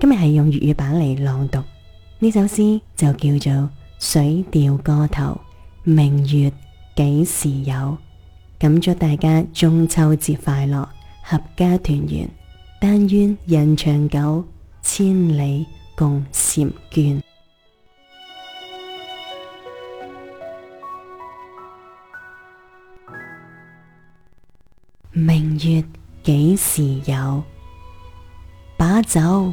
今日係用粵語版嚟朗讀呢首詩，就叫做《水調歌頭·明月幾時有》。咁祝大家中秋節快樂，合家團圓。但願人長久，千里共嬋娟。明月幾時有？把酒。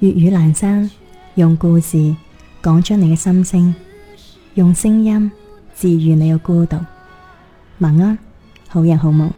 粵語闌珊，用故事講出你嘅心聲，用聲音治癒你嘅孤獨。晚安，好人好夢。